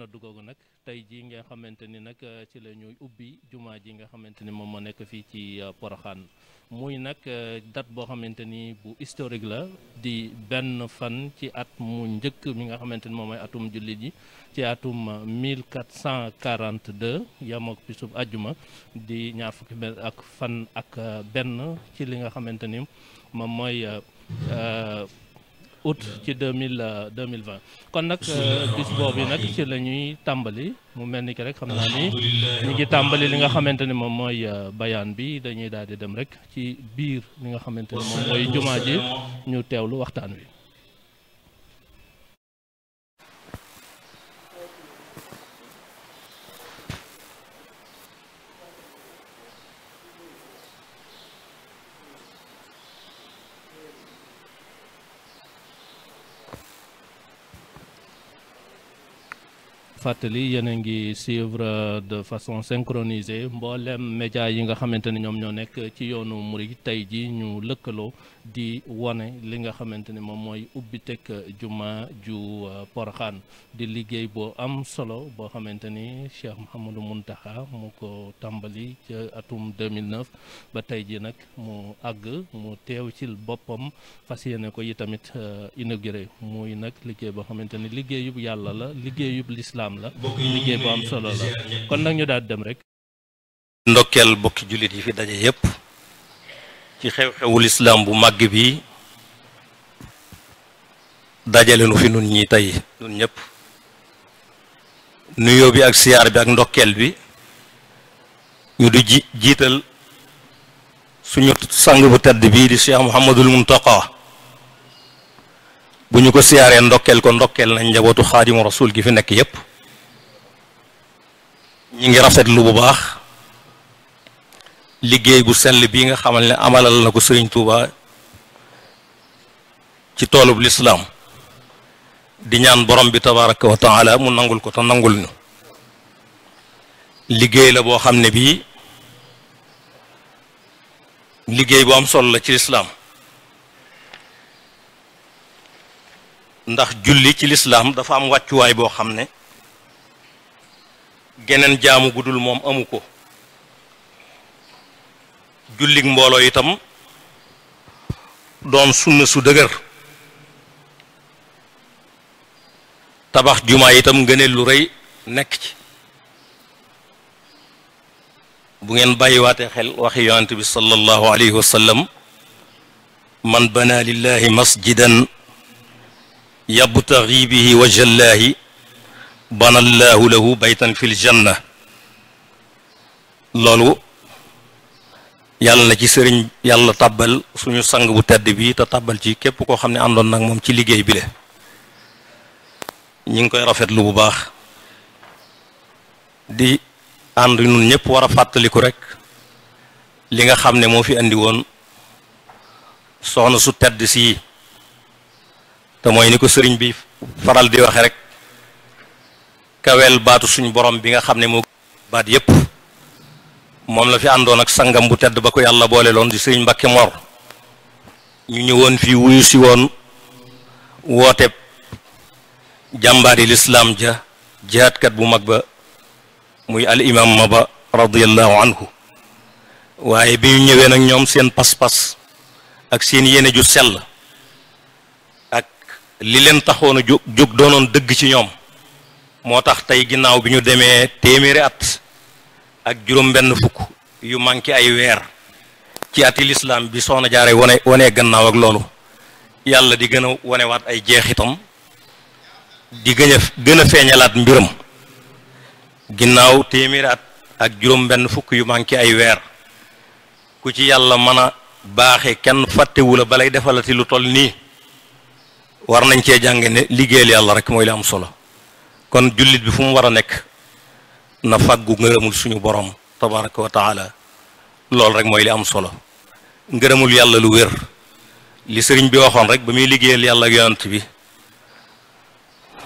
noddu googu nag tey jii nga xamante ni nag euh, ci la ubbi jumaa ji nga xamante ni moom moo nekk fii ci euh, Poroxaan muy nag euh, date boo xamante ni bu historique la di benn fan ci at mu njëkk mi nga xamante ni moom mooy atum jullit yi ci atum 1442 yamook bisub àjjuma di ñaar fukki ak ak benn ci li nga xamante ni moom mooy août ci deux mille euh, deux mille vingt kon nag euh, bis bi nag ci la ñuy tàmbali mu mel ni ki rek xam naa ni ñu ngi tàmbali li nga xamante ni moom mooy euh, bayaan bi dañuy daal di dem rek ci biir li nga xamante ni mooy jumaa ji ñu teewlu waxtaan wi. fàttali yéen a ngi suivre de façon synchronisée mboolem média yi nga xamante ni ñoom ñoo nekk ci yoonu murid tey ji ñu lëkkaloo di wane li nga xamante ni moom mooy ubbi teg uh, juma ju uh, Poroxaan di liggéey boo am solo boo xamante ni Cheikh Mouhamadou Mountakha mu ko tàmbali ca atum 2009 ba tey ji nag mu àgg mu teew ci boppam fas yéene ko yi tamit uh, inauguré muy nag liggéey boo xamante ni liggéeyub yàlla la liggéeyub lislaam la liggéey boo am solo la kon nag ñu daal dem rek ndokkeel bokki jullit yi fi daje yépp ci xew-xewul islaam bu màgg bi dajale nu fi nun ñi tey nun ñëpp nuyoo bi ak siyaar bi ak ndokkeel bi ñu di ji jiital suñu sang bu tedd bii di Cheikh Mouhamadul Muntaqa bu ñu ko siyaaree ndokkeel ko ndokkeel nañ njabootu xaadimu rasul gi fi nekk yépp ñu ngi rafetlu bu baax liggéey bu sell bii nga xamal ne amalal na ko sëriñ Touba ci toolub lislaam di ñaan borom bi tabaraka wa mu nangul ko te nangul ñu liggéey la boo xam ne bii liggéey bu am solo la ci lislaam ndax julli ci lislaam dafa am wàccuwaay boo xam ne geneen jaamu gudul moom amu ko jullik mbooloo itam doon sunna su dëgër tabax jumaa itam ngëneel lu rëy nekk ci bu ngeen bàyyiwaatee xel waxi yonante bi sallallahu alayhi wa man bana lillahi masjidan yabtaghi bihi wajhallaahi banallaahu lahu baytan fil janna yàlla na ci sëriñ yàlla tàbbal suñu sang bu tedd bii te tàbbal ci képp koo xam ne àndoon nag moom ci liggéey bi le ñi ngi koy rafetlu bu baax di ànd ñun ñëpp war a fàttaliku rek li nga xam ne moo fi andi woon soxna su tedd sii te mooy ni ko sëriñ bi faral di waxe rek kawel baatu suñu borom bi nga xam ne moo baat yépp moom la fi àndoon ak sangam bu tedd ba ko yàlla boole loon di sëriñ Mbàkke Mor ñu ñëwoon fii wuyu si woon woote jàmbaari lislaam ja jihaatkat bu mag ba muy al imam maba radiallahu anhu waaye bi ñu ñëwee nag ñoom seen pas-pas ak seen yéene ju sell ak li leen taxoon a jóg jóg doonoon dëgg ci ñoom moo tax tey ginnaaw bi ñu demee téeméeri at ak juróom benn fukk yu manqué ay weer ci ati lislaam bi soxna jaare wone wane gannaaw ak loolu yàlla di gën a wanewaat ay jeexitam di gën gën a feeñalaat mbiram ginnaaw téeméeri at ak juróom benn fukk yu manqué ay weer ku ci yàlla mën a baaxe kenn fàttewu la balay defalati lu toll nii war nañ cee jàng ne liggéeyal yàlla rek mooy li am solo kon jullit bi fu mu nekk na fàggu ngërëmul suñu borom tabaraka wa taala loolu rek mooy li am solo ngërëmul yàlla lu wér li sëriñ bi waxoon rek ba muy liggéeyal yàlla ak bi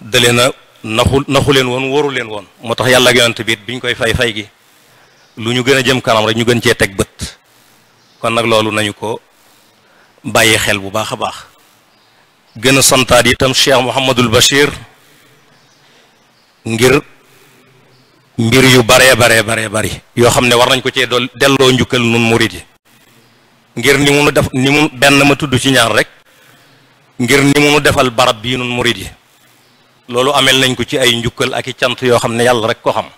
dële na naxu naxu leen woon waru leen woon moo tax yàlla ak yonant bi it koy fay fay gi lu ñu gën a jëm kanam rek ñu gën cee teg bët kon nag loolu nañu ko bàyyi xel bu baax a baax gën a santaat itam Cheikh Mouhamadul ngir mbir yu baree baree baree bari yoo xam ne war nañ ko cee dool delloo njukkal nun murit yi ngir ni mu nu def ni mu ma tudd ci ñaar rek ngir ni mu nu defal barab bii nun murit yi loolu amel nañ ko ci ay njukkal ak i cant yoo xam ne yàlla rek ko xam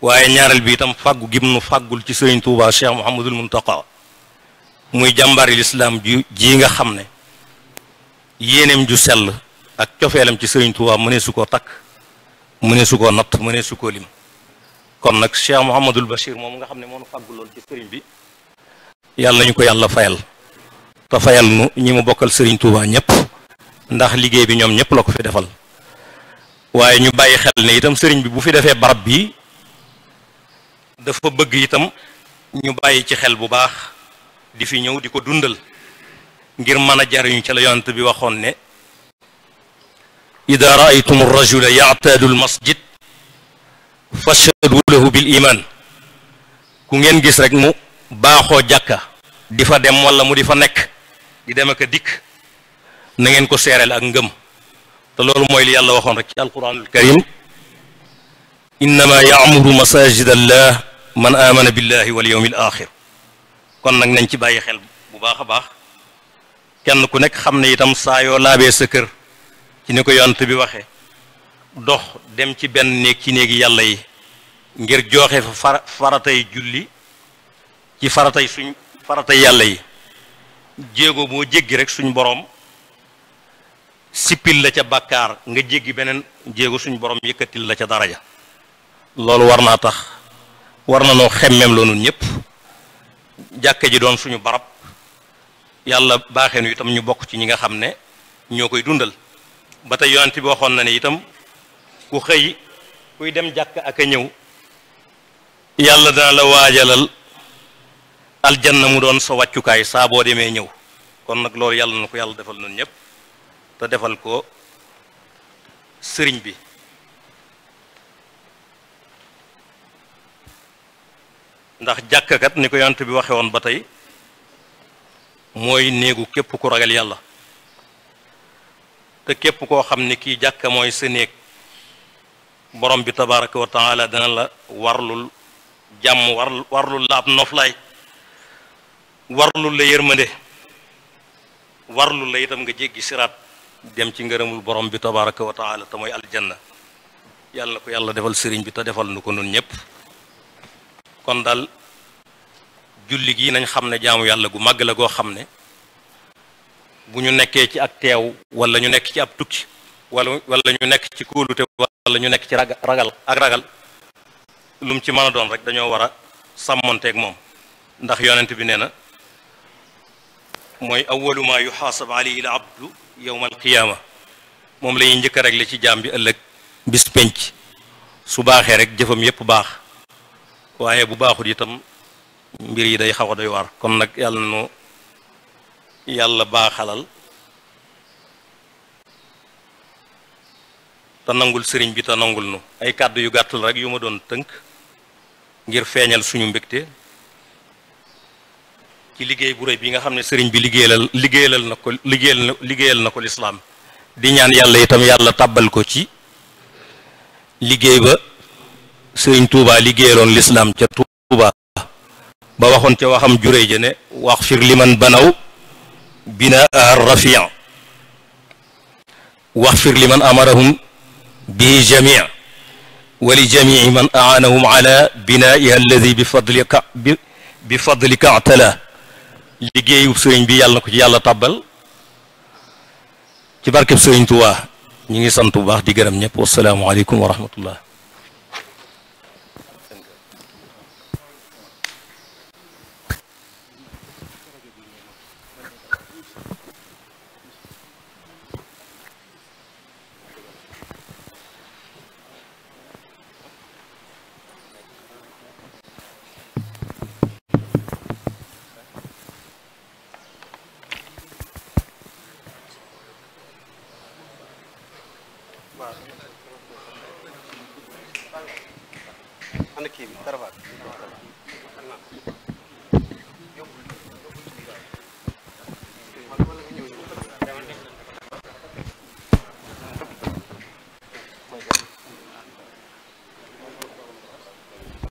waaye ñaareel bi itam fàggu gim nu fàggul ci sëriñ Tuubaa Cheikh Mouhamadul Muntaqa muy jàmbaari lislaam ji ji nga xam ne yéeneem ju sell ak cofeelam ci sëriñ Tuubaa mënee su ko takk mu su koo natt mu ne su koo lim kon nag Cheikh Mouhamadul Bachir moom nga xam ne moonu fàgguloon ci sëriñ bi yàlla nañu ko yàlla fayal te fayal nu ñi mu bokkal sëriñ Touba ñëpp ndax liggéey bi ñoom ñëpp la ko fi defal waaye ñu bàyyi xel ne itam sëriñ bi bu fi defee barab bi dafa bëgg itam ñu bàyyi ci xel bu baax di fi ñëw di ko dundal ngir mën a jariñu ci la yonent bi waxoon ne ida raaytum arrajula yactaadu almasjid fashhadu lahu bi iman ku ngeen gis rek mu baaxoo jàkka di fa dem wala mu di fa nekk di dem ak dikk na ngeen ko seereel ak ngëm te loolu mooy li yàlla waxoon rek ci alquranul karim innama yaamuru masajid allah man amana billahi wal yawmil axir kon nag nañ ci bàyyi xel bu baax a baax kenn ku nekk xam na itam saa yoo laabee sa kër ci ni ko yonent bi waxe dox dem ci benn néeg ci néegi yàlla yi ngir jooxe fa faratay julli ci faratay suñ farata yàlla yi jéego boo jéggi rek suñ boroom sippil la ca bàkkaar nga jéggi beneen jéego suñ boroom yëkkatil la ca daraja loolu war naa tax war na noo xemmeem loonu ñëpp jàkke ji doon suñu barab yàlla baaxee nu itam ñu bokk ci ñi nga xam ne ñoo koy dundal ba tey yonent bi waxoon na ne itam ku xëy kuy dem jàkk ak a ñëw yàlla dana la waajalal na mu doon sa wàccukaay saaboo demee ñëw kon nag loolu yàlla na ko yàlla defal noonu ñëpp te defal ko sëriñ bi ndax jàkkakat ni ko yonent bi waxe woon ba tey mooy néegu képp ku ragal yàlla te képp koo xam ne kii jàkka mooy sa néeg borom bi tabaraka wa dana la warlul jàmm war warlul la ab noflaay warlul la yërmande warlul la itam nga jéggi siraat dem ci ngërëmul borom bi tabaraka wa taala te mooy aljanna yàlla na ko yàlla defal sëriñ bi te defal nu ko noonu ñépp kon daal julli gi nañ xam ne jaamu yàlla gu màgg la goo xam ne bu ñu nekkee ci ak teew wala ñu nekk ci ab tukki wala wala ñu nekk ci kóolute wala ñu nekk ci ragal ak ragal lu ci mën doon rek dañoo war a sàmmonteeg moom ndax yonent bi nee na mooy awwalu yu yuxaasab alayhi al abdu yowma alqiyaama moom la njëkk rek la ci jaam bi ëllëg bis penc su baaxee rek jëfam yépp baax waaye bu baaxut itam mbir yi day xaw a doy waar kon nag yàlla na yàlla baaxalal te nangul sëriñ bi te nangul nu ay kàddu yu gàttul rek yu ma doon tënk ngir feeñal suñu mbégte ci liggéey bu rëy bi nga xam ne sëriñ bi liggéeyal liggéeyal na ko liggéeyal liggéeyal na ko lislaam di ñaan yàlla itam yàlla tàbbal ko ci liggéey ba sëriñ Touba liggéeyaloon lislaam ca Touba ba waxoon ca waxam juree ne wax fir liman banaw binaa rafian waxfir liman amarahum bihi jamii wa li jamii man aanahum ala binaiha alladi bi fadlika bi fadlika atala liggéeyub sëriñ bi yàlla na ko ci yàlla tàbbal ci barkeb sëriñ Tuubaa ñu ngi sant bu baax di gërëm ñëpp wasalaamualeykum wa rahmatullah ana kii bi karawaat